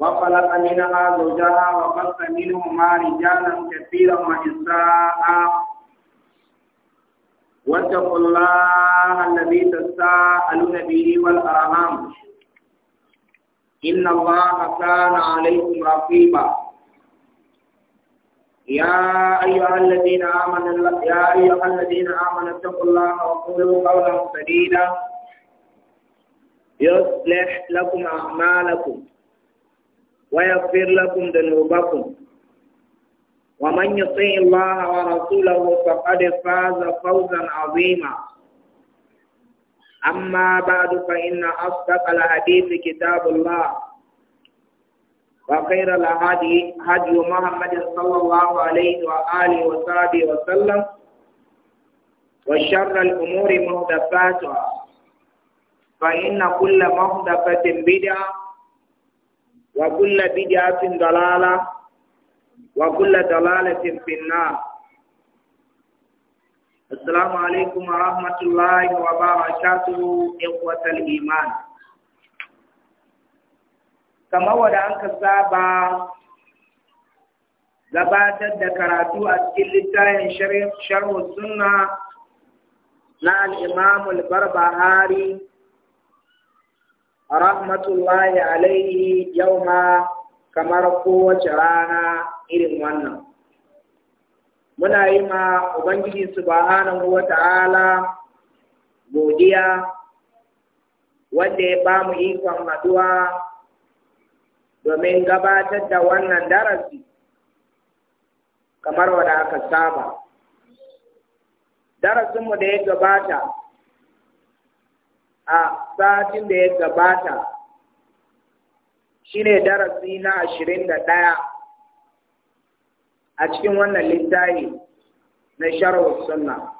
وخلق منها زوجها وخلق منهما رجالا كثيرا ونساء واتقوا الله الذي تساءلون به والارحام ان الله كان عليكم رقيبا يا أيها الذين آمنوا يا أيها الذين آمنوا اتقوا الله وقولوا قولا سديدا يصلح لكم أعمالكم ويغفر لكم ذنوبكم ومن يطيع الله ورسوله فقد فاز فوزا عظيما أما بعد فإن أصدق الحديث كتاب الله وخير الهدي هدي محمد صلى الله عليه وآله وصحبه وسلم وشر الأمور محدثاتها فإن كل محدثة بدعة وكل بدعة ضلالة وكل ضلالة في النار السلام عليكم ورحمة الله وبركاته إخوة الإيمان كما ودعنك السابع سابا da karatu أسكيل cikin littafin sharhu sunna na al-Imam rahmatullahi alaihi yau ma kamar kowace rana irin wannan. Muna yi ma Ubangiji subhanahu wa ta'ala godiya wanda ya ba mu ikon haduwa domin gabatar da wannan darasi kamar wadda aka saba. Darasinmu da ya gabata a satin da ya gabata shine darasi na ashirin da ɗaya a cikin wannan littafi na sharhu sunna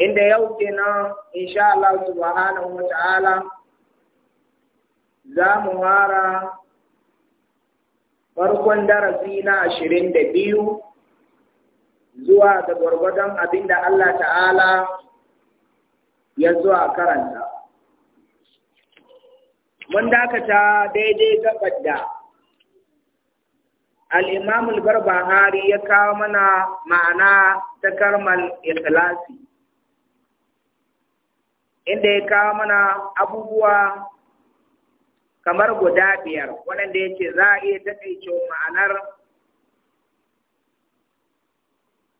inda yau kenan insha Allah subhanahu wa ta'ala za mu hara farkon darasi na ashirin da biyu zuwa da gwargwadon abinda Allah ta'ala ya a karanta mun dakata daidai gabar da al’imamul imam Hari barbahari ya kawo mana ma'ana ta karmal ikhlasi inda ya kawo mana abubuwa kamar guda biyar waɗanda ya ce za a iya taƙaice ma'anar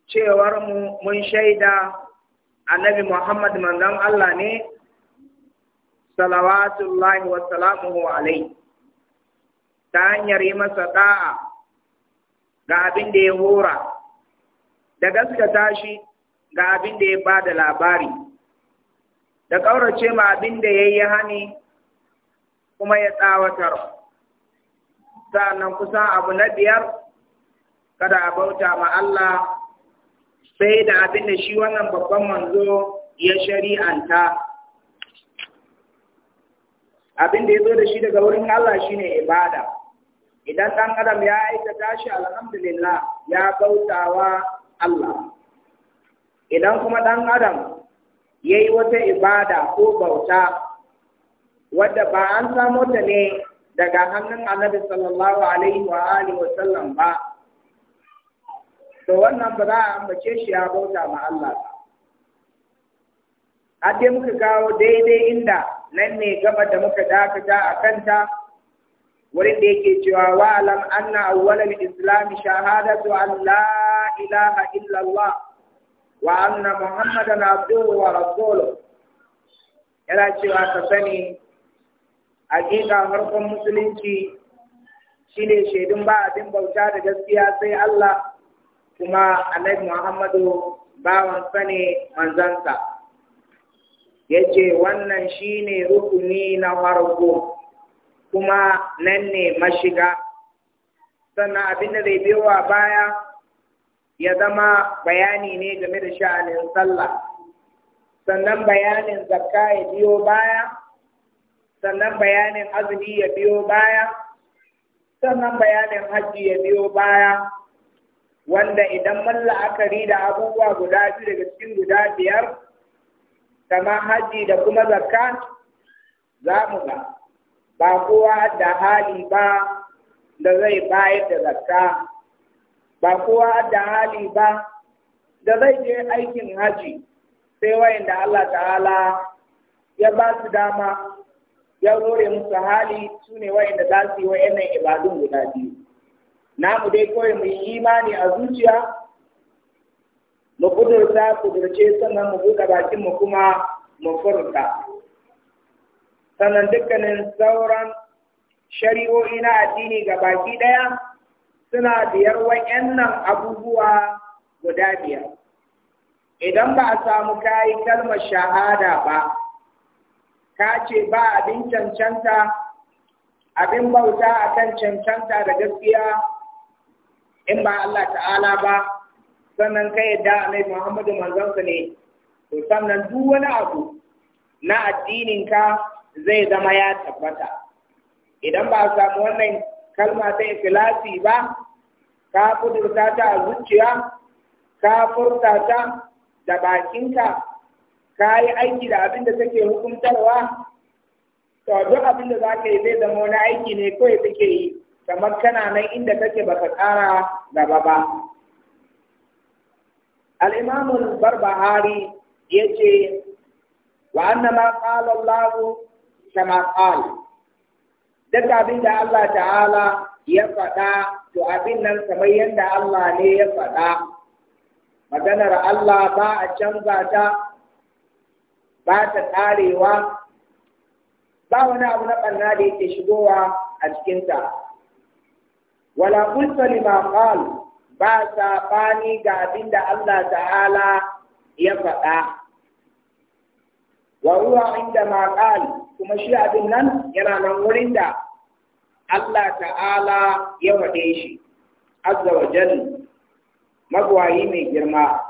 cewar mu mun shaida annabi Muhammad manzon Allah ne salawatullahi wa salamuhu alai ta hanyar yi masa da'a ga abin da ya hora da gaskata tashi ga abin da ya bada labari da ƙaurace ma abin da ya yi hani kuma ya tsawatar sa'annan kusa abu na biyar kada a bauta ma Allah sai da abin da shi wannan babban manzo ya shari'anta abin da ya zo da shi daga wurin Allah shi ne ibada idan ɗan adam ya aikata tashi, alhamdulillah ya bautawa Allah idan kuma ɗan adam ya yi wata ibada ko bauta wadda ba an samo ta ne daga hannun annabi sallallahu alaihi wa alihi wa sallam ba to wannan ba za a ambace shi ya bauta ma Allah har dai muka kawo daidai inda nan ne gaba da muka dakata a kanta wurin da yake cewa wa alam anna awwalal islam shahadatu an la ilaha illa Allah wa anna muhammadan abduhu wa rasuluhu yana cewa ka sani hakika farkon musulunci shine shaidun ba abin bauta da gaskiya sai Allah kuma annabi Muhammadu bawansa ne manzansa ce wannan shine rukuni na farko kuma nan ne mashiga sannan abin da zai biyo baya ya zama bayani ne game da sha'anin sallah sannan bayanin zakka ya biyo baya sannan bayanin azumi ya biyo baya sannan bayanin hajji ya biyo baya wanda idan man la'akari da abubuwa guda biyu daga cikin guda biyar kama haji da kuma zakka za mu ga ba kowa da hali ba da zai bayar da zakka ba kowa da hali ba da zai je aikin haji sai wayanda Allah ta'ala ya ba su dama ya rore musu hali su ne wayanda za su yi wayannan ibadun guda biyu Na mu dai kawai mu yi imani a zuciya mu kudurta kudurce sannan mu buɗe bakin mu kuma mu furta sannan dukkanin sauran shari'o'i na addini ga baki ɗaya suna biyar wa'annan abubuwa guda biyar idan ba a samu kayi kalmar shahada ba ka ce ba abin cancanta abin bauta akan cancanta da gaskiya in ba Allah ta'ala ba sannan kai yadda annabi Muhammadu manzansa ne to sannan duk wani abu na addinin ka zai zama ya tabbata idan ba a samu wannan kalma ta ikhlasi ba ka kudurta ta a zuciya ka furta ta da bakinka ka yi aiki da abin da take hukuntarwa to duk abin da za ka yi zai zama wani aiki ne kawai take yi kamar kana nan inda kake baka ƙara gaba ba al barbahari ya ce, wa annama qala Allah kama duk abin da Allah ta'ala ya faɗa to abin nan kamar yadda Allah ne ya faɗa maganar Allah ba a canza ta ba ta ƙarewa ba wani abu na ɓanna da yake shigowa a cikinta wala kulta lima qal ba saɓani ga abin da Allah ta'ala ya faɗa wa huwa inda ma qal kuma shi abin nan yana nan wurin da Allah ta'ala ya faɗe shi azza wa jalla magwayi mai girma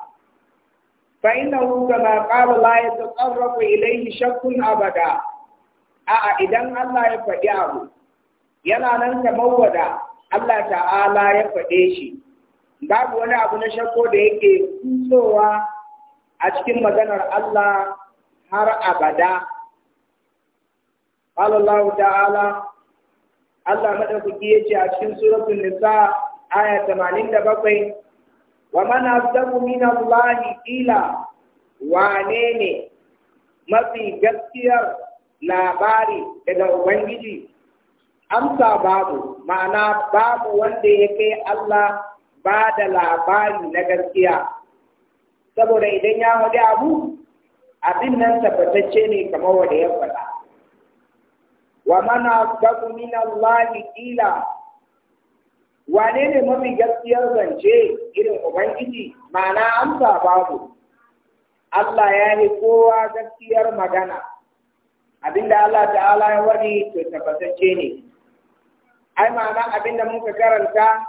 فإنه كما قال لا يتطرق إليه شك idan Allah ya الله abu. yana nan ka wada Allah ta'ala ya faɗe shi babu wani abu na shakko da yake kusowa a cikin maganar Allah har abada Allah ta'ala Allah ya yace a cikin suratul nisa aya 87 wa man azzamu min Allah ila wane ne mafi gaskiyar labari daga Ubangiji amsa babu ma'ana babu wanda ya kai Allah ba da labari na gaskiya saboda idan ya faɗi abu abin nan tabbatacce ne kamar wanda ya faɗa wa mana babu min Allah kila wane ne mafi gaskiyar zance irin ubangiji ma'ana amsa babu Allah ya yi kowa gaskiyar magana abinda Allah ta'ala ya wani to tabbatacce ne ai ma'ana da muka karanta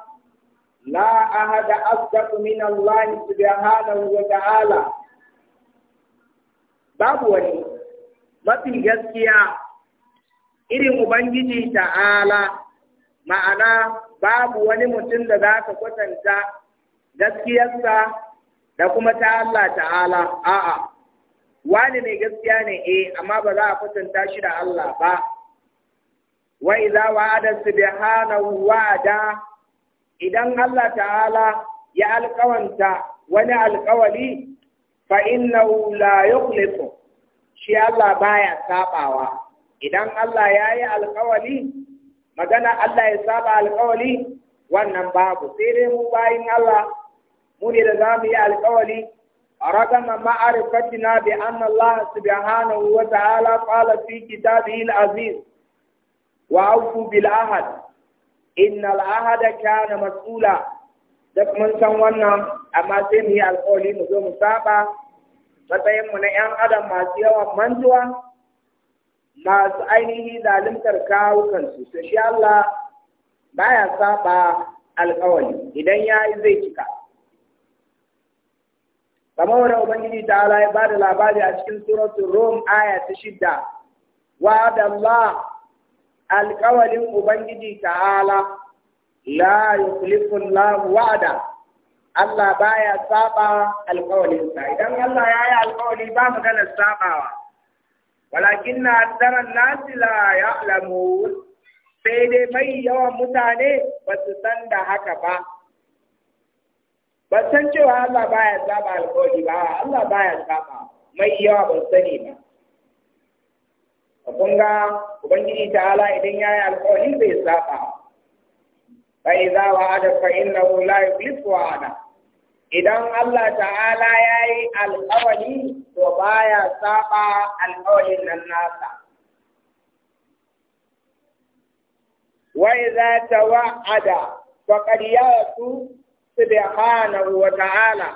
la ahada asdaq min Allah subhanahu wa ta'ala babu wani mafi gaskiya irin ubangiji ta'ala ma'ana babu wani mutum da za ka kwatanta gaskiyarsa da kuma ta Allah ta'ala a'a wani mai gaskiya ne eh amma ba za a kwatanta shi da Allah ba wa idza wa'ada subhanahu wa'ada idan Allah ta'ala ya alƙawanta wani alƙawari fa innahu la yukhlifu shi Allah baya sabawa idan Allah ya yi alƙawari magana Allah ya saba alƙawari wannan babu sai dai mu bayin Allah mu ne da za mu yi alƙawari رغم معرفتنا بأن الله سبحانه وتعالى قال في كتابه العزيز wa auku bil ahad innal ahada kana mas'ula duk mun san wannan amma sai mu yi alƙawari mu zo mu saba matsayin mu na yan adam masu yawan mantuwa masu ainihi zalimtar kawukan su to shi Allah baya saba alƙawari idan yayi zai cika kamar wani ubangiji ta ala ya bada labari a cikin suratul rom aya ta shidda wa da Allah alƙawalin Ubangiji ta'ala la yukhlifu Allah wa'ada Allah baya saba alƙawalinsa idan Allah ya yi alƙawali ba mu gana sabawa walakin na aktaran nasi la ya'lamun sai dai mai yawan mutane ba su san da haka ba ba san cewa Allah baya saba alƙawali ba Allah baya saba mai yawa ba sani ba kun ga ubangiji ala idan yayi alƙawari bai saba fa idza wa'ada fa innahu la yukhlifu wa'ada idan Allah ta'ala yayi alƙawari to baya saba alƙawarin nan nasa wa idza tawa'ada faqad yatu subhanahu wa ta'ala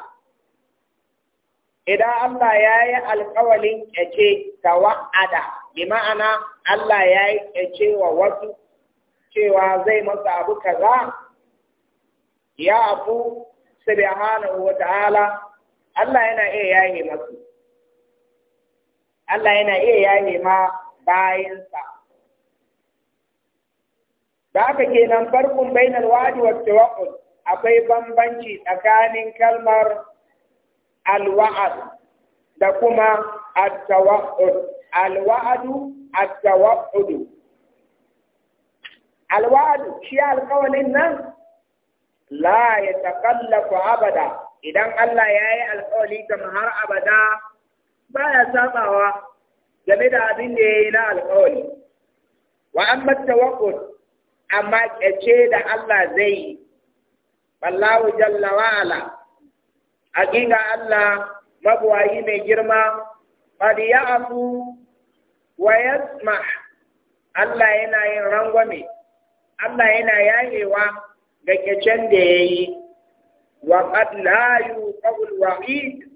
idan Allah ya yi alƙawalin ƙyace ta wa'ada bi ma'ana Allah ya yi cewa wasu cewa zai masa abu kaza ya abu subhanahu wa ta'ala Allah yana iya yaye masu Allah yana iya yaye ma bayansa da aka kenan farkon bainal wadi wa tawakkul akwai bambanci tsakanin kalmar alwa'ad da kuma Al-Wa'udu shi alkawalin nan? La ya takalla abada, idan Allah ya yi alkawalin sama har abada. Ba ya saɓa wa. da abin da ya yi na alkawali. Wa'am matse Wa'udu, amma ƙe da Allah zai yi. Wallahu, Jalla, wahala. A kinga Allah maɓuwayi mai girma. qad ya'fu wa Allah yana yin rangwame Allah yana yayewa ga kecen da yayi wa qad la yuqaw al-wa'id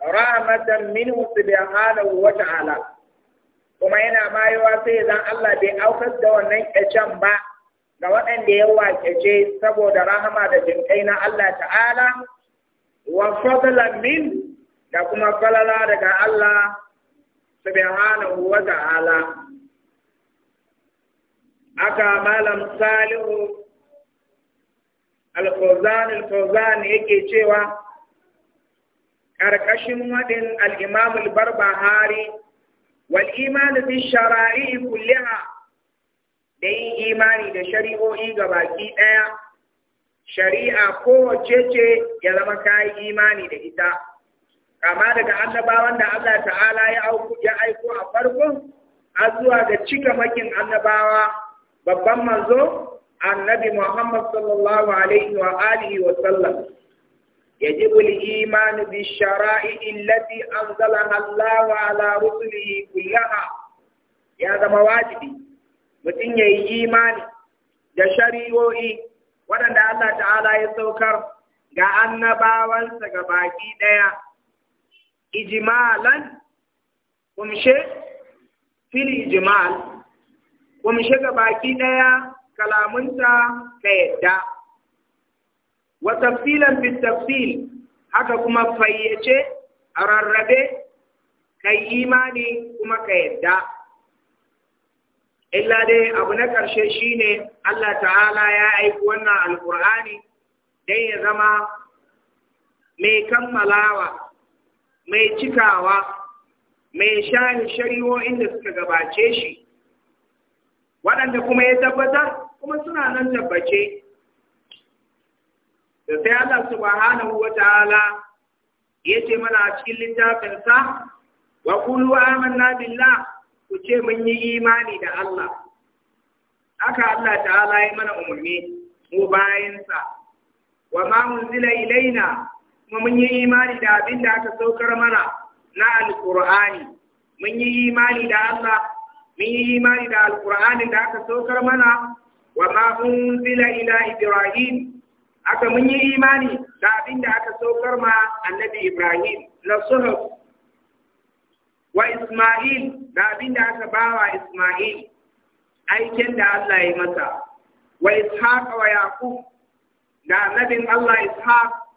rahmatan minhu subhanahu wata hala. kuma yana mayewa sai zan Allah bai aukar da wannan kyacen ba ga waɗanda ya wakece saboda rahama da jinkai na Allah ta'ala wa fadlan min da kuma falala daga Allah subhanahu wa ta'ala aka malam salihu al-fawzan al-fawzan yake cewa karkashin wadin al-imam al-barbahari wal iman bi shara'i kulliha da yin imani da shari'o'i ga baki daya shari'a kowace ce ya zama kai imani da ita kama daga annabawan da Allah ta'ala ya aiko a farko, har zuwa ga cika makin annabawa babban manzo annabi Muhammad sallallahu alaihi wa alihi wa sallam يجب الإيمان بالشرائع التي أنزلها الله على رسله كلها يا ذا واجبي متين imani da shari'o'i waɗanda Allah ta'ala ya saukar ga annabawansa ga baki ɗaya ijimalan kumshe fil ijimal kumshe ga baki ɗaya kalamunta ka yadda wa tafsilan fi haka kuma fayyace a rarrabe kai imani kuma ka yadda illa dai abu na ƙarshe shine Allah ta'ala ya aiki wannan alƙur'ani dai ya zama mai kammalawa mai cikawa mai shahi shari'o'in da suka gabace shi waɗanda kuma ya tabbata kuma suna nan tabbace da sai Allah subhanahu wa ta'ala ya ce mana a cikin littafinsa wa qulu amanna billah ku ce mun yi imani da Allah haka Allah ta'ala ya mana umarni mu bayansa wa ma unzila ilaina kuma mun yi imani da abin da aka saukar mana na alkur'ani mun yi imani da Allah mun yi imani da alkur'ani da aka saukar mana wa ma unzila ila ibrahim aka mun yi imani da abin da aka saukar ma annabi ibrahim na suhuf wa isma'il da abin da aka bawa isma'il aikin da Allah ya masa wa ishaq wa yaqub da annabin Allah ishaq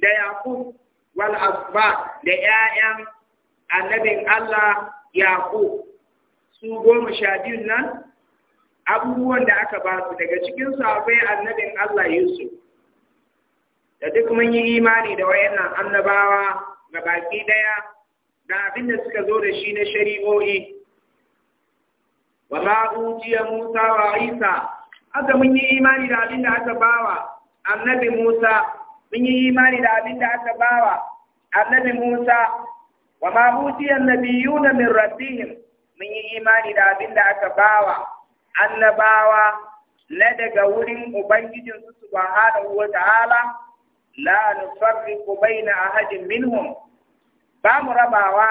da yaqub wal asba da 'ya'yan annabi Allah yaqub su goma sha nan abubuwan da aka ba su daga cikin su akwai annabin Allah Yusuf da duk mun yi imani da wayannan annabawa ga baki daya da abin da suka zo da shi na shari'o'i wa ma Musa wa Isa aka mun yi imani da abin da aka bawa annabi Musa Mun yi imani da abin da aka bawa annabi Musa wa ma utiyan annabiyuna min rabbihim mun yi imani da abin da aka bawa annabawa na daga wurin ubangijin su subhanahu wa ta'ala la nufarriqu baina ahadin minhum ba mu rabawa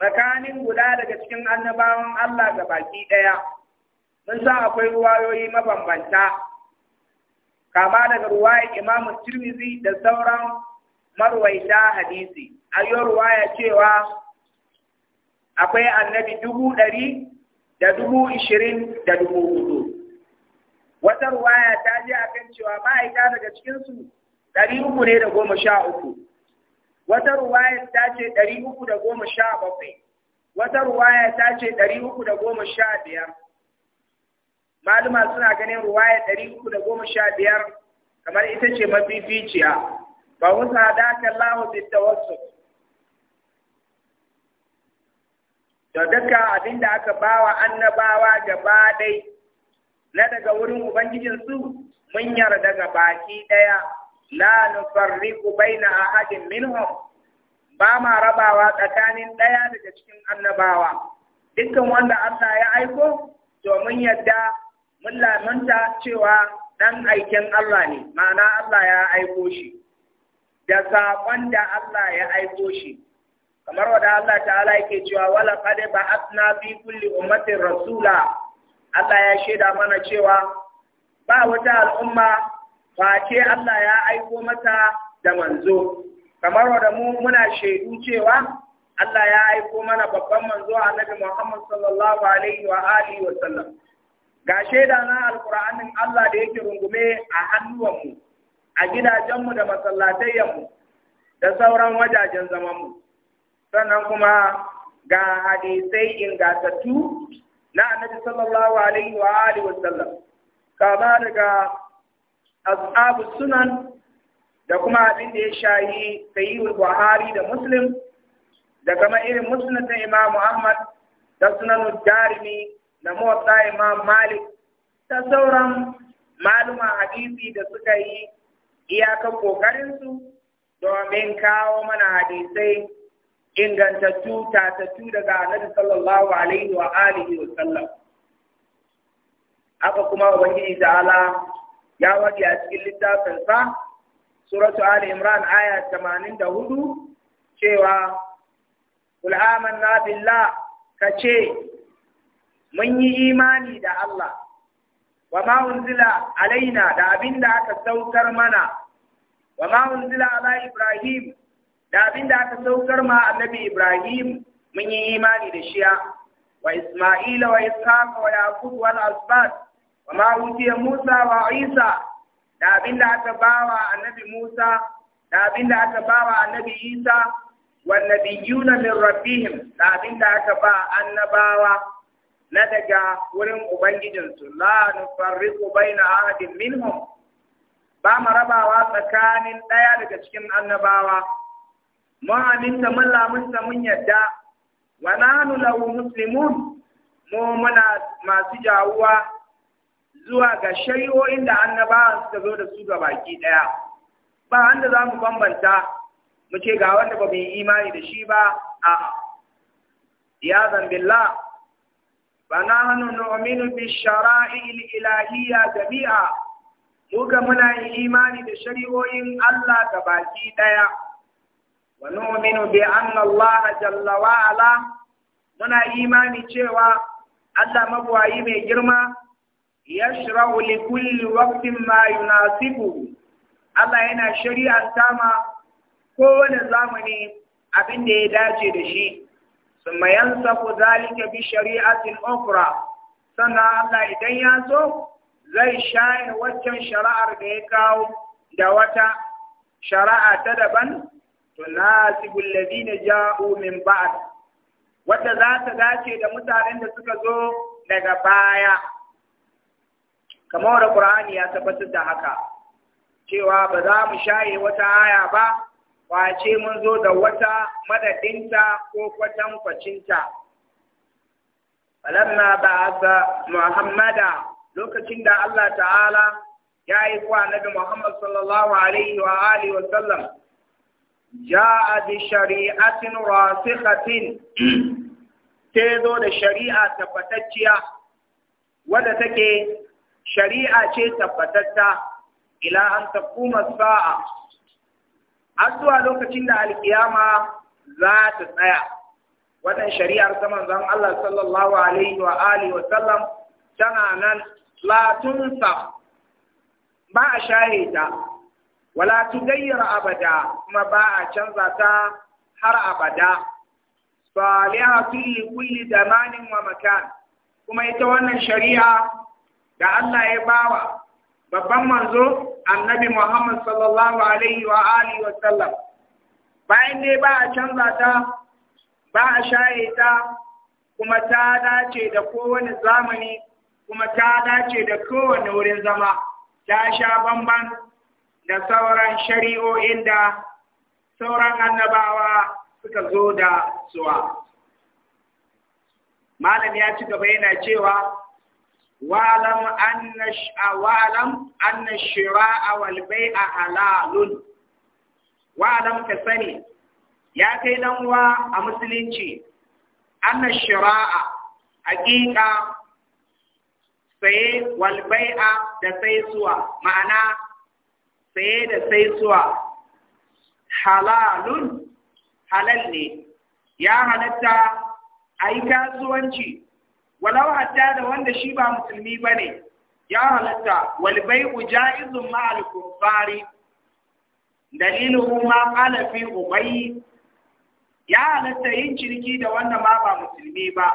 tsakanin guda daga cikin annabawan Allah ga baki daya mun san akwai ruwayoyi mabambanta kama daga ruwaya Imam Tirmidhi da sauran marwaita hadisi ayo ruwaya cewa akwai annabi dubu ɗari da dubu ishirin da dubu hudu wata ruwaya ta je kan cewa ma'aika daga cikinsu ɗari uku ne da goma sha uku wata ruwaya ta ce ɗari uku da goma sha bakwai wata ruwaya ta ce ɗari uku da goma sha biyar maluma suna ganin ruwaya ɗari uku da goma sha biyar kamar ita ce mafificiya ba wusa hadaka Allah bi wasu. da duka abinda aka bawa annabawa gaba dai na daga wurin ubangijin su mun yarda ga baki ɗaya la nufarriqu baina ahadin minhum ba ma rabawa tsakanin ɗaya daga cikin annabawa dukkan wanda Allah ya aiko to mun yarda mun lamunta cewa ɗan aikin Allah ne ma'ana Allah ya aiko shi da saƙon da Allah ya aiko shi kamar wanda Allah ta'ala yake cewa wala qad ba'athna fi kulli ummatin rasula Allah ya shaida mana cewa ba wata al'umma face Allah ya aiko mata da manzo kamar wanda mu muna shaidu cewa Allah ya aiko mana babban manzo Annabi Muhammad sallallahu alaihi wa alihi wa sallam ga shaida na alƙur'anin Allah da yake rungume a hannuwanmu a gidajenmu da masallatayyanmu da sauran wajajen zamanmu sannan kuma ga hadisai ingantattu na annabi sallallahu alaihi wa alihi wa sallam kama daga ashabu sunan da kuma abin da ya shayi sayyidul buhari da muslim da kama irin musnad imam Muhammad da sunan darimi da muwatta imam malik ta sauran maluma hadisi da suka yi iyakan kokarinsu domin kawo mana hadisai ingantattu tatattu daga annabi sallallahu alaihi wa alihi wa sallam haka kuma ubangiji Ala, ya wadi a cikin littafin sa suratu ali imran aya 84 cewa kul amanna billah kace mun yi imani da Allah wa ma unzila alaina da abinda aka saukar mana wa ma unzila ala Ibrahim da abinda aka saukar ma annabi Ibrahim mun yi imani da shi wa Isma'ila wa Ishaq wa Yaqub al asbat wa ma utiya Musa wa Isa da abinda aka bawa annabi Musa da abinda aka bawa annabi Isa wa nabiyuna min rabbihim da abinda aka ba annabawa na daga wurin ubangijinsu la nufarriqu baina ahadin minhum ba mu rabawa tsakanin ɗaya daga cikin annabawa mun aminta mun lamunta mun yadda wa nanu lahu muslimun mu muna masu jawuwa zuwa ga shari'o'in da annabawa suka zo da su ga baki ɗaya ba wanda za mu bambanta muke ce ga wanda ba mu yi imani da shi ba A'a. ya zambillah فنحن نؤمن بالشرائع الإلهية جميعا muka muna yi imani da shari'o'in Allah da baki ɗaya, wa nu'minu bi anna Allah jalla muna imani cewa Allah magwayi mai girma yashra'u li kulli waqtin ma yunasibu Allah yana shari'an tama kowane zamani abin ya dace da shi thumma yansafu zalika bi shari'atin ukhra sannan Allah idan ya so zai shaye waccan shari'ar da ya kawo da wata shari'a ta daban tunasibu alladhina ja'u min ba'd wadda za ta dace da mutanen da suka zo daga baya kamar da Qur'ani ya tabbatar da haka cewa ba za mu shaye wata haya ba face mun zo da wata madadinta ko kwatankwacinta. Falamma ba asa Muhammada lokacin da Allah ta'ala ya yi kuwa Nabi Muhammad sallallahu Alaihi wa Alihi wa sallam, ja'a bi shari'atin rasikhatin ta zo da shari'a tabbatacciya, wadda take shari'a ce tabbatatta ila an takuma sa'a har zuwa lokacin da alkiyama za ta tsaya wannan shari'ar ta manzon Allah sallallahu alaihi wa alihi wa sallam tana nan la tunsa ba a shaye ta wala tugayyar abada kuma ba a canza ta har abada salihatul li kulli zamanin wa makan kuma ita wannan shari'a da Allah ya bawa babban manzo annabi Muhammad sallallahu alaihi wa alihi wa sallam bayan dai ba a canza ta ba a shaye ta kuma ta dace da kowane zamani kuma ta dace da kowane wurin zama ta sha bamban da sauran shari'o'in da sauran annabawa suka zo da suwa malam ya ci gaba yana cewa walbai أن ش... واعلم أن الشراء والبيع حلال واعلم كسني يا كيدن وا أمسلينشي أن الشراء حقيقة saye a da saisuwa ma'ana saye da saisuwa halalun halal ne ya halatta a yi kasuwanci walau hatta da wanda shi ba musulmi bane ya halatta wal bai'u ja'izun ma al ma qala fi ubay ya halatta yin ciniki da wanda ma ba musulmi ba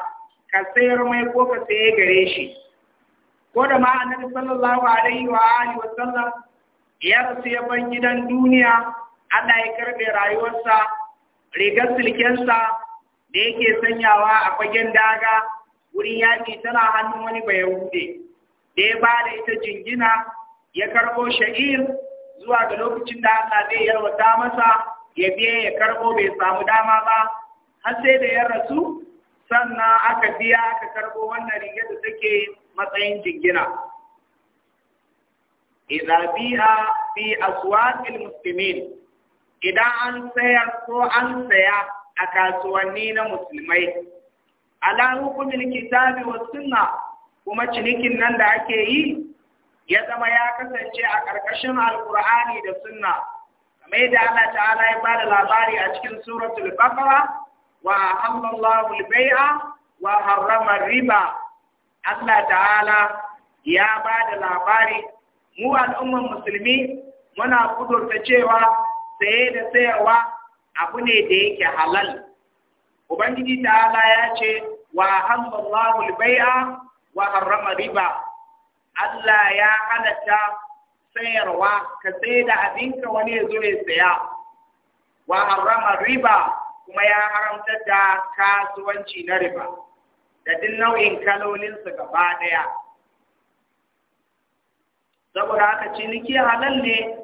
ka sayar mai ko ka saye gare shi ko da ma annabi sallallahu alaihi wa alihi wa sallam ya rasu ya ban gidan duniya Allah ya karbe rayuwarsa rigar silkensa da yake sanyawa a fagen daga wurin yaƙi tana hannun wani bayan hude da ya bada ita jingina ya karɓo sha'ir zuwa ga lokacin da aka zai yarwata masa ya biya ya karɓo bai samu dama ba har sai da ya rasu sannan aka biya aka karɓo wannan rigar da take matsayin jingina idza biya fi aswaqil muslimin idan an sayar ko an saya a kasuwanni na musulmai ala hukumin kitabi wa sunna kuma cinikin nan da ake yi ya zama ya kasance a ƙarƙashin alƙur'ani da sunna kamar da Allah ta'ala ya bada labari a cikin suratul baqara wa hamdallahu al-bai'a wa harrama riba Allah ta'ala ya bada labari mu al'umman musulmi muna kudurta cewa saye da sayarwa abu ne da yake halal ubangiji ta'ala ya ce wa halallahu al wa harrama riba Allah ya halata sayarwa ka sai da abinka wani ya ya saya wa harrama riba kuma ya haramta da kasuwanci na riba da duk nau'in kalolinsu gaba ɗaya. Saboda ka ciniki halal ne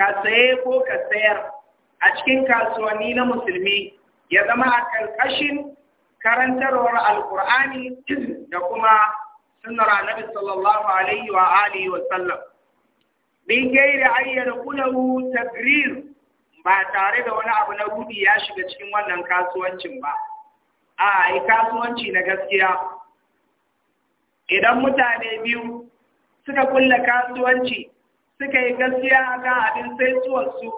ka saye ko ka sayar a cikin kasuwanni na musulmi ya zama a ƙarƙashin karantarwar alkur'ani da kuma sunnar annabi sallallahu alaihi wa alihi wa sallam min gairi ayyana kulahu tagrir ba tare da wani abu na rudi ya shiga cikin wannan kasuwancin ba a yi kasuwanci na gaskiya idan mutane biyu suka kulla kasuwanci suka yi gaskiya ga abin sai saituwarsu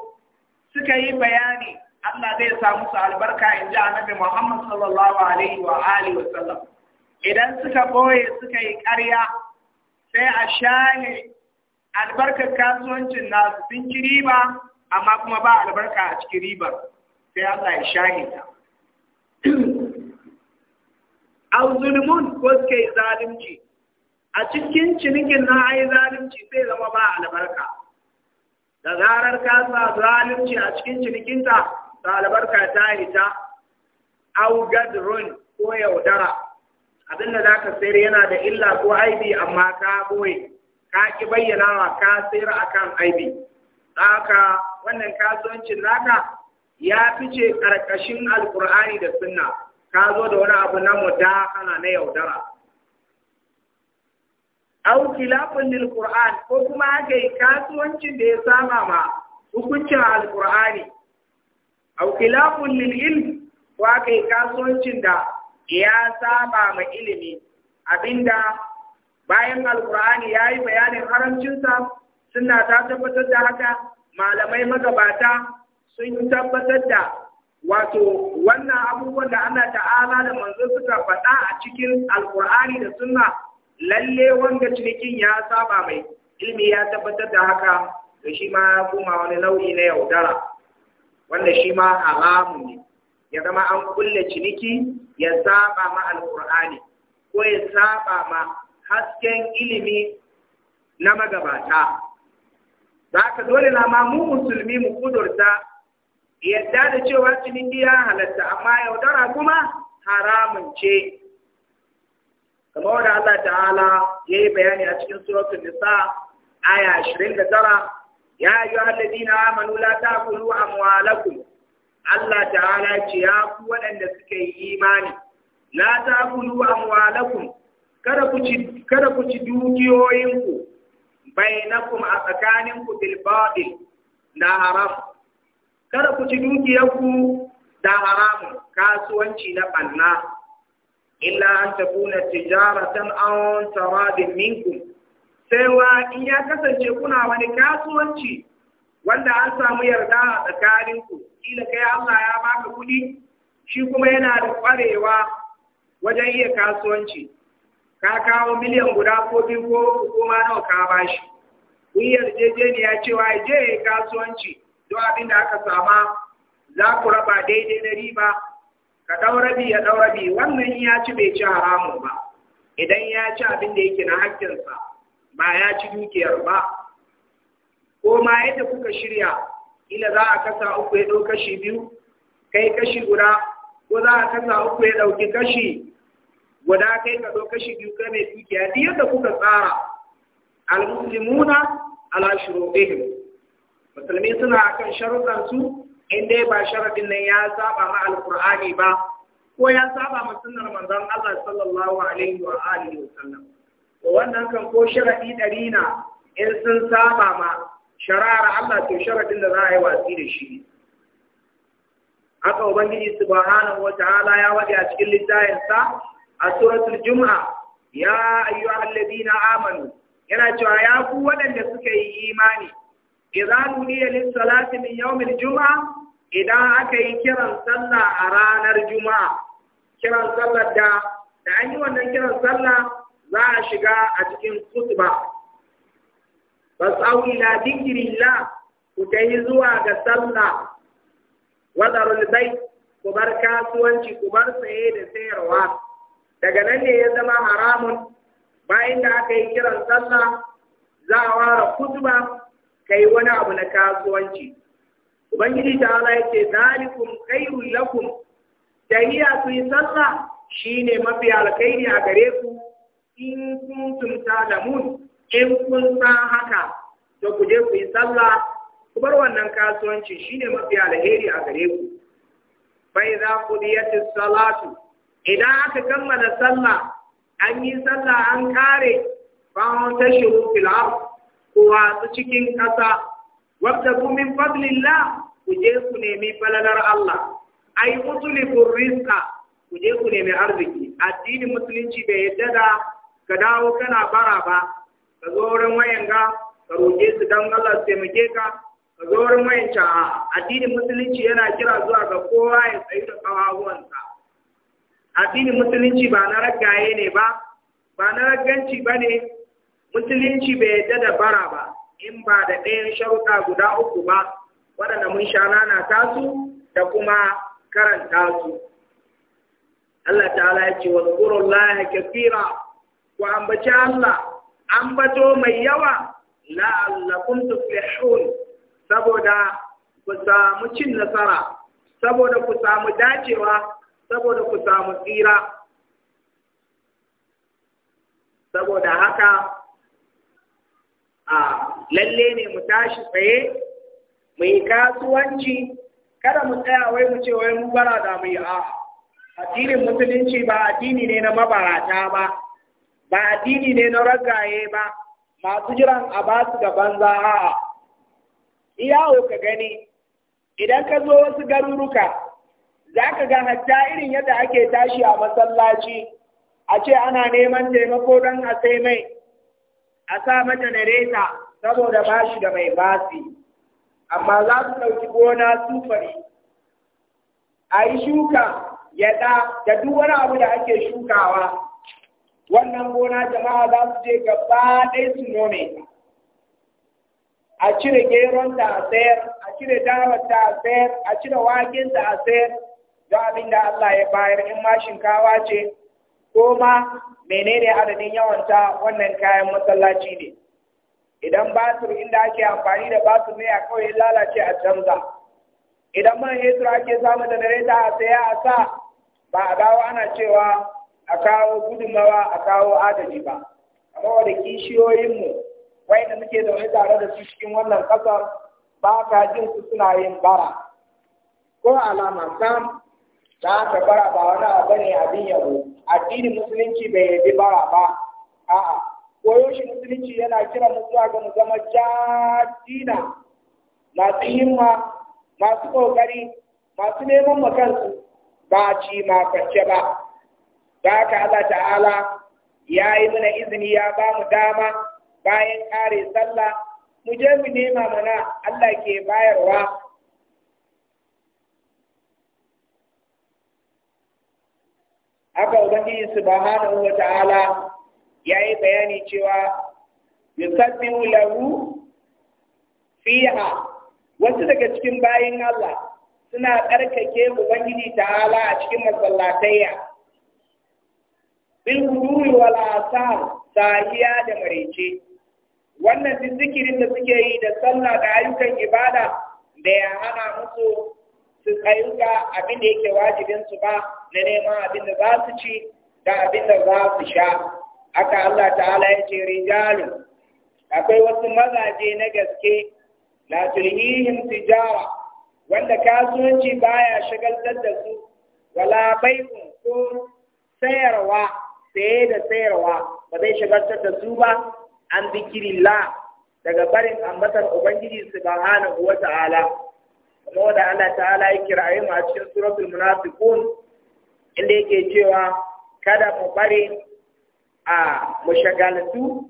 suka yi bayani Allah zai sa musu albarka in ji annabi Muhammad sallallahu alaihi wa alihi wa sallam idan suka boye suka yi ƙarya sai a shane albarkar kasuwancin nasu sun ci riba amma kuma ba albarka a cikin riba sai Allah ya shane ta aw zulmun ko suka yi zalunci a cikin cinikin na yi zalunci sai zama ba albarka da zarar ka sa zalunci a cikin cinikinta ta albarka ta hita au gadrun ko yaudara abin da zaka sayar yana da illa ko aibi amma ka boye ka ki bayyana wa ka sayar akan aibi haka wannan kasuwancin naka ya fice karkashin alqur'ani da sunna ka zo da wani abu na mudahana na yaudara au khilafun lil qur'an ko kuma kai kasuwancin da ya sama ma hukuncin alkur'ani au khilafun lil ko aka kasuwancin da ya saba ma ilimi abinda bayan alkur'ani ya yi bayanin haramcinsa suna ta tabbatar da haka malamai magabata sun tabbatar da wato wannan abubuwan da ana ta'ala da manzo suka faɗa a cikin alkur'ani da sunna lalle wanda cinikin ya saba mai ilimi ya tabbatar da haka to shi ma ya koma wani nau'i na yaudara wanda shi ma haramun ne ya zama an kulle ciniki ya saba ma alkur'ani ko ya saba ma hasken ilimi na magabata za ka dole na ma mu musulmi mu kudurta yadda da cewa ciniki ya halatta amma yaudara kuma haramun ce kamar da Allah ta'ala ya yi bayani a cikin suratun nisa aya 29 ya ayyuha alladhina amanu la ta'kulu amwalakum Allah ta'ala ce ya ku waɗanda suka yi imani la ta'kulu amwalakum kada ku ci kada ku ci dukiyoyinku bainakum a tsakaninku bil batil da haram kada ku ci dukiyarku da haramun kasuwanci na ɓanna illa an takuna tijaratan aw taradin minkum cewa in ya kasance kuna wani kasuwanci wanda an samu yarda a tsakaninku kila kai Allah ya baka kuɗi shi kuma yana da ƙwarewa wajen iya kasuwanci ka kawo miliyan guda ko biyu ko uku ko ma nawa ka bashi kun yarjejeniya cewa je ya kasuwanci duk abin da aka sama za ku raba daidai na riba ka ɗau rabi ya ɗau rabi wannan ya ci bai ci haramun ba idan ya ci abin da yake na hakkinsa ba ya ci dukiyar ba ko ma yadda kuka shirya ila za a kasa uku ya ɗau kashi biyu kai kashi guda ko za a kasa uku ya ɗauki kashi guda kai ka ɗauka kashi biyu kai dukiya duk yadda kuka tsara Al-muti almuslimuna ala shuruɗihim musulmi suna akan sharuɗan su in ba sharaɗin nan ya saba ma alqur'ani ba ko ya saba ma sunnar manzon Allah sallallahu alaihi wa alihi wa sallam wannan kan ko sharaɗi ɗari na in sun saba ma shara'ar Allah to sharaɗin da za a yi watsi da shi haka ubangiji subhanahu wa ta'ala ya wadi a cikin littafin sa a suratul Juma'a ya allabi na amanu yana cewa ya ku waɗanda suka yi imani idan nuniya lin salati min yawmil Juma'a, idan aka yi kiran sallah a ranar juma'a kiran sallar da da an yi wannan kiran sallah za a shiga a cikin khutba na ila la ku ta yi zuwa ga sallah wadarul bait ku bar kasuwanci ku bar saye da sayarwa daga nan ne ya zama haramun bayan da aka yi kiran sallah za a ware ka kai wani abu na kasuwanci ubangiji ta ala yace zalikum khairul lakum tahiya su yi sallah shine mafi alkhairi a gare ku in kuntum ta'lamun in kun san haka to ku je ku yi sallah ku bar wannan kasuwanci shine mafi alheri a gare ku fa idza qudiyatis salatu idan aka kammala sallah an yi sallah an kare fa tashiru fil ard ku cikin ƙasa wabda kumin min fadlillah ku je ku nemi falalar Allah ai mutulikur rizqa ku je ku nemi arziki addinin musulunci bai yadda da ka dawo kana bara ba ka zo wurin ga, ka roƙe su don Allah su taimake ka ka zo wurin wayan a addinin musulunci yana kira zuwa ga kowa ya tsayi da kawawansa addinin musulunci ba na ragaye ne ba ba na raganci ba ne musulunci bai yadda da bara ba in ba da ɗayan sharuɗa guda uku ba waɗanda mun sha nana tasu da kuma karanta su Allah ta'ala ya ce wa zkurullaha kafira ku ambaci Allah ambato mai yawa la'allakum tuflihun saboda ku samu cin nasara saboda ku samu dacewa saboda ku samu tsira saboda haka a lalle ne mu tashi tsaye mu yi kasuwanci kada mu tsaya wai mu ce wai mu bara da mu yi a addinin musulunci ba addini ne na mabarata ba ba addini ne na ragaye ba masu jiran a ba su da banza a'a iyawo ka gani idan ka zo wasu garuruka za ka ga hatta irin yadda ake tashi a masallaci a ce ana neman taimako don a sai mai a sa mata nareta saboda ba shi da mai basi amma za su ɗauki gona sufari a yi shuka ya da duk wani abu da ake shukawa wannan gona jama'a za su je gaba ɗaya su nome a cire geron ta a sayar a cire dawar ta a sayar a cire waken ta a sayar don abin da Allah ya bayar in ma shinkawa ce ko ma menene adadin yawanta wannan kayan masallaci ne idan batir inda ake amfani da batir ne a kawai lalace a canza idan man hetur ake samu janareta a saya a sa ba a dawo ana cewa a kawo gudunmawa a kawo adali ba amma da kishiyoyinmu da muke zaune tare da su cikin wannan kasar? ba ka jin su suna yin bara ko alama sam ta aka bara ba wani abu ne abin yabo addinin musulunci bai yabi bara ba a'a ko musulunci yana kira mu zuwa ga mu zama jadina masu himma masu kokari masu neman makansu ba ci ma ba da haka Allah ta'ala ya yi mana izini ya ba mu dama bayan ƙare sallah mu je mu nema mana Allah ke bayarwa haka ubangiji subhanahu wa ta'ala ya yi bayani cewa yusabbihu lahu fiha wasu daga cikin bayan Allah suna tsarkake ubangiji ta'ala a cikin masallatayya bil huduri wal asar sahiya da marice wannan din zikirin da suke yi da sallah da ayyukan ibada da ya hana musu su ayyuka abin da yake wajibin su ba na neman abin da za su ci da abin da za su sha haka Allah ta'ala ya ce rijalun akwai wasu mazaje na gaske la tulhihim tijara wanda kasuwanci baya shagaltar da su wala bai'un ko sayarwa sai da sayarwa ba zai shagaltar da su ba an la daga barin ambatar ubangiji hana wa ta'ala kuma wanda Allah ta'ala ya kira mu a cikin suratul munafiqun inda yake cewa kada mu bari a mu shagaltu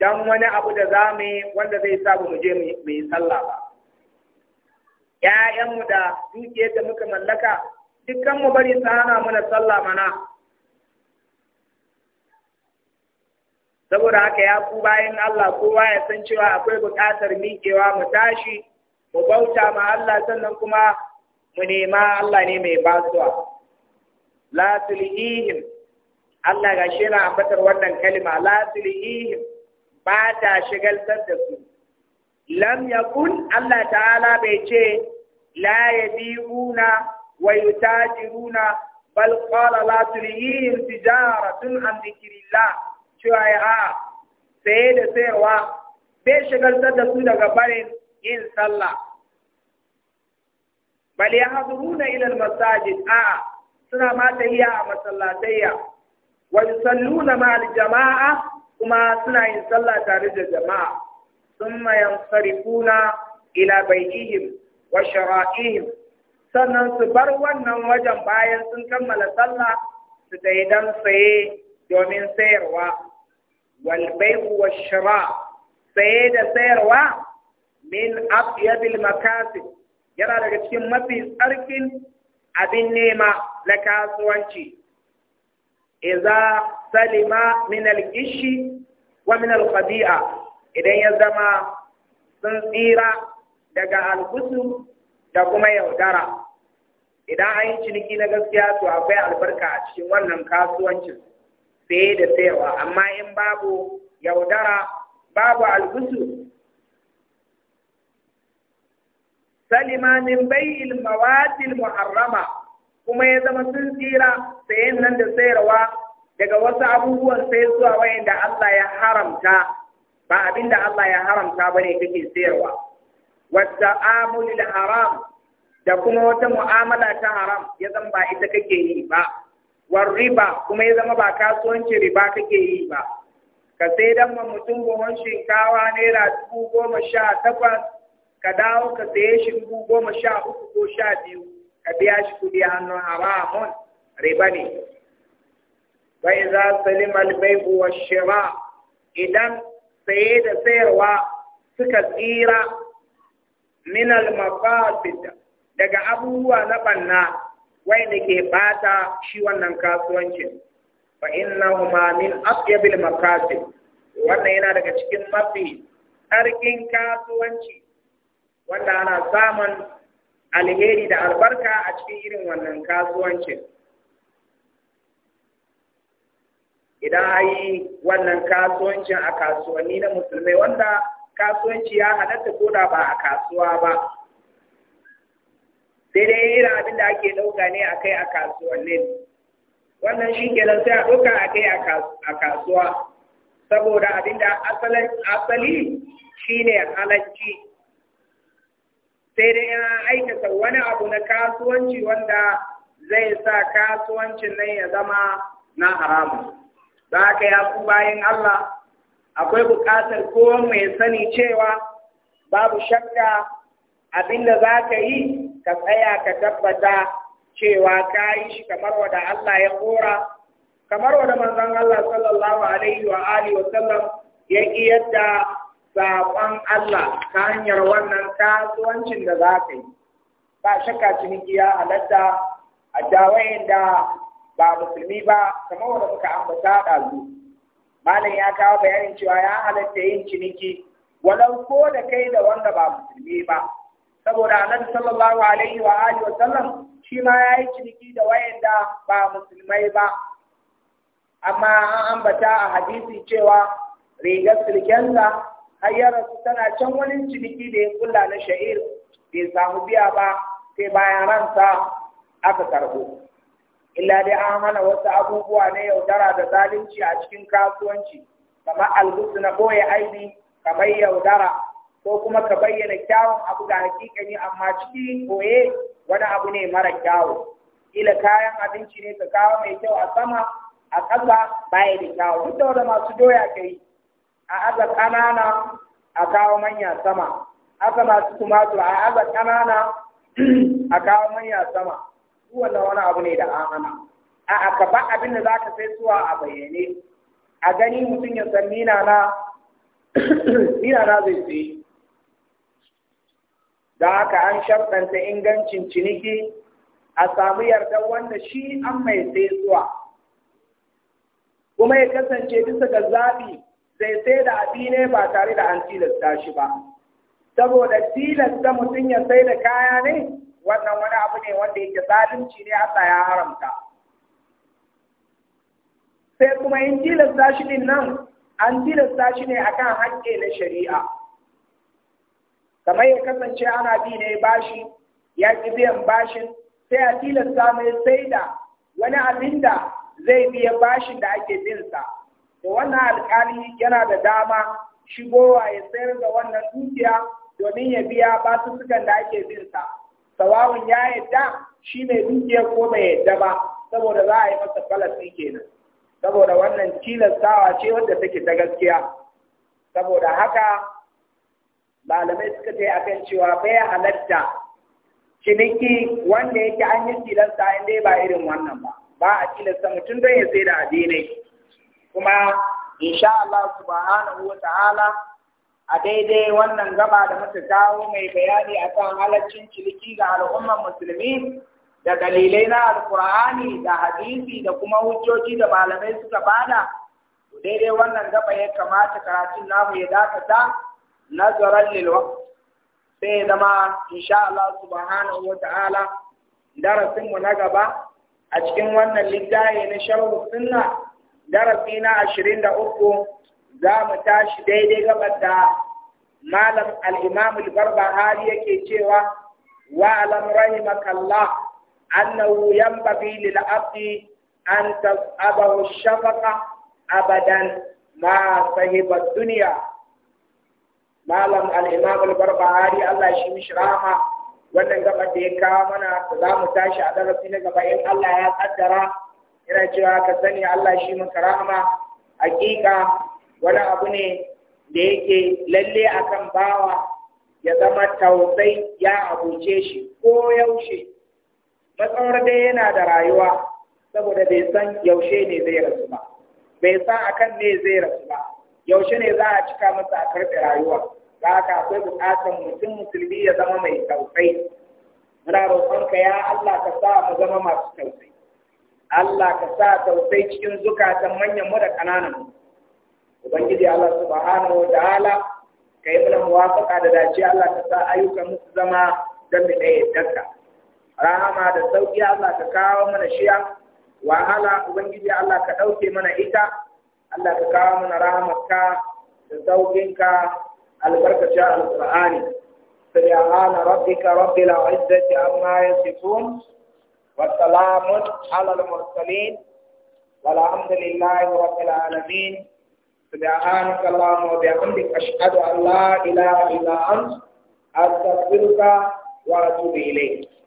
dan wani abu da za mu yi wanda zai sa mu je mu yi sallah ba ‘ya'yanmu da dukiyar da muka mallaka dukkanmu bari su hana mana sallah mana saboda haka ya ku bayan Allah kowa ya san cewa akwai buƙatar miƙewa mu tashi mu bauta ma Allah sannan kuma mu nema Allah ne mai basuwa la tulihim Allah ga shi yana ambatar wannan kalma la tulihim ba ta shigaltar da su lam yakun Allah ta'ala bai ce la yabiuna wa yutajiruna bal qala la tulihim tijaratun an dhikrillah cewa ya a saye da sayarwa bai shigar da su daga barin yin sallah bal ya haduruna na al-masajid a suna ma a wani sallu na ma jamaa kuma suna yin sallah tare da jama'a Sun mayan yansarifuna ila baitihim wa shara'ihim sannan su bar wannan wajen bayan sun kammala sallah su yi don saye domin sayarwa والبيع والشراء سيد سيروا من أطيب المكاسب yana daga cikin mafi tsarkin abin nema na kasuwanci iza salima min al-ishi wa min idan ya zama sun tsira daga alkusu da kuma yaudara idan an yi ciniki na gaskiya to akwai albarka a cikin wannan kasuwancin saye da sayarwa amma in babu yaudara babu algusu salima min bai'il mawatil muharrama kuma ya zama sun tsira sayen nan da sayarwa daga wasu abubuwan sai zuwa wayanda Allah ya haramta ba abinda Allah ya haramta bane kake sayarwa wata amulil haram da kuma wata mu'amala ta haram ya zama ba ita kake yi ba war riba kuma ya zama ba kasuwanci riba kake yi ba ka sai dan ma mutum buhun shinkawa naira dubu goma sha takwas ka dawo ka saye shi dubu goma sha uku ko sha biyu ka biya shi kuɗi hannun haramun riba ne wa za salim al-bay'u shira idan saye da sayarwa suka tsira min al daga abubuwa na banna wanda ke bata shi wannan kasuwancin fa huma min afyabil makasib wannan yana daga cikin mafi tsarkin kasuwanci wanda ana samun alheri da albarka a cikin irin wannan kasuwancin idan a wannan kasuwancin a kasuwanni na musulmai wanda kasuwanci ya haɗa ta ba a kasuwa ba sai dai yi abin da ake ɗauka ne a kai a kasuwannin wannan shi kenan sai a ɗauka a kai a kasuwa saboda abin da asali shi ne halacci sai dai yana aikata wani abu na kasuwanci wanda zai sa kasuwancin nan ya zama na haramu. za ka ya ku bayan Allah akwai bukatar kowa mai sani cewa babu shakka abinda da za ka yi ka tsaya ka tabbata cewa ka yi shi kamar wadda Allah ya kora kamar wadda manzan Allah sallallahu alaihi wa alihi wa sallam ya yadda saƙon Allah ta hanyar wannan kasuwancin da za ka yi ba shakka ciniki ya halatta a jawayen da ba musulmi ba kamar wadda suka ambata ɗazu malam ya kawo bayanin cewa ya halatta yin ciniki walau ko da kai da wanda ba musulmi ba saboda anan sallallahu alaihi wa alihi wa sallam shi ma ya yi ciniki da wayanda ba musulmai ba amma an ambata a hadisi cewa rigar silkensa har ya rasu tana can wani ciniki da ya kulla na sha'ir bai samu biya ba sai bayan ransa aka karbo illa dai an hana wasu abubuwa na yaudara da zalunci a cikin kasuwanci kamar albusu na boye aini kamar yaudara ko kuma ka bayyana kyawun abu ga ne amma ciki koye wani abu ne mara kyawu kila kayan abinci ne ka kawo mai kyau a sama a ƙasa baya da kyawu duk da masu doya kai a aza kanana a kawo manya sama haka masu tumatur a aza kanana a kawo manya sama duk wannan wani abu ne da amana a aka ba abin da za ka sai suwa a bayyane a gani mutum ya san nina na nina na zai sai Da haka an sharɗanta ingancin ciniki a samu yarda wanda shi an mai zuwa kuma ya kasance bisa ga zaɓi zai sai da abi ne ba tare da an tilasta shi ba saboda tilasta mutum ya sai da kaya ne wannan wani abu ne wanda yake zalunci ne Allah ya haramta sai kuma in tilasta shi din nan an tilasta shi ne akan haƙƙi na shari'a kamar ya kasance ana bi ne bashi ya ƙi biyan bashin sai a tilasta mai sai da wani abin da zai biya bashin da ake binsa to wannan alƙali yana da dama shigowa ya sayar da wannan dukiya domin ya biya basussukan da ake binsa sawawun ya yadda shi mai dukiya ko mai yadda ba saboda za a yi masa falasi kenan saboda wannan tilastawa ce wadda take ta gaskiya saboda haka malamai suka ce kan cewa bai halatta ciniki wanda yake an yi tilasta in dai ba irin wannan ba ba a tilasta mutum don ya sai da addinai kuma insha Allah subhanahu wa ta'ala a daidai wannan gaba da muka kawo mai bayani akan halaccin ciniki ga al'ummar musulmi da dalilai na alkur'ani da hadisi da kuma hujjoji da malamai suka bada daidai wannan gaba ya kamata karatun namu ya dakata nazarar lilwa sai zama insha Allah subhanahu wa ta'ala darasin mu na gaba a cikin wannan littafi na sharhu sunna darasi na 23 za mu tashi daidai gabar da malam al-imam al-barbahari yake cewa wa alam Allah annahu yanbaghi lil abdi an tasabahu shafaqa abadan ma sahibat dunya malam al-imam al-barbahari Allah shi mishi rahama wannan gaba da ya ka mana za mu tashi a darasi na gaba in Allah ya kaddara ina cewa ka sani Allah shi maka rahama hakika wani abu ne da yake lalle akan bawa ya zama tausai ya abuce shi ko yaushe matsawar dai yana da rayuwa saboda bai san yaushe ne zai rasu ba bai san akan ne zai rasu ba yaushe ne za a cika masa a karɓe rayuwa za ka akwai buƙatar mutum musulmi ya zama mai tausayi muna ka ya Allah ka sa mu zama masu tausayi Allah ka sa tausayi cikin zukatan manyan mu da ƙananan mu ubangiji Allah subhanahu wa ta'ala ka yi mana muwafaka da dace Allah ka sa ayyukan mu zama don mu ɗaya yaddarka rahama da sauƙi Allah ka kawo mana shiya wahala ubangiji Allah ka ɗauke mana ita الله كام kawo mana rahamarka da sauƙinka سبحان ربك رب العزة عما يصفون والسلام على المرسلين والحمد لله رب العالمين سبحانك اللهم وبحمدك أشهد أن لا إله إلا أنت أستغفرك وأتوب إليك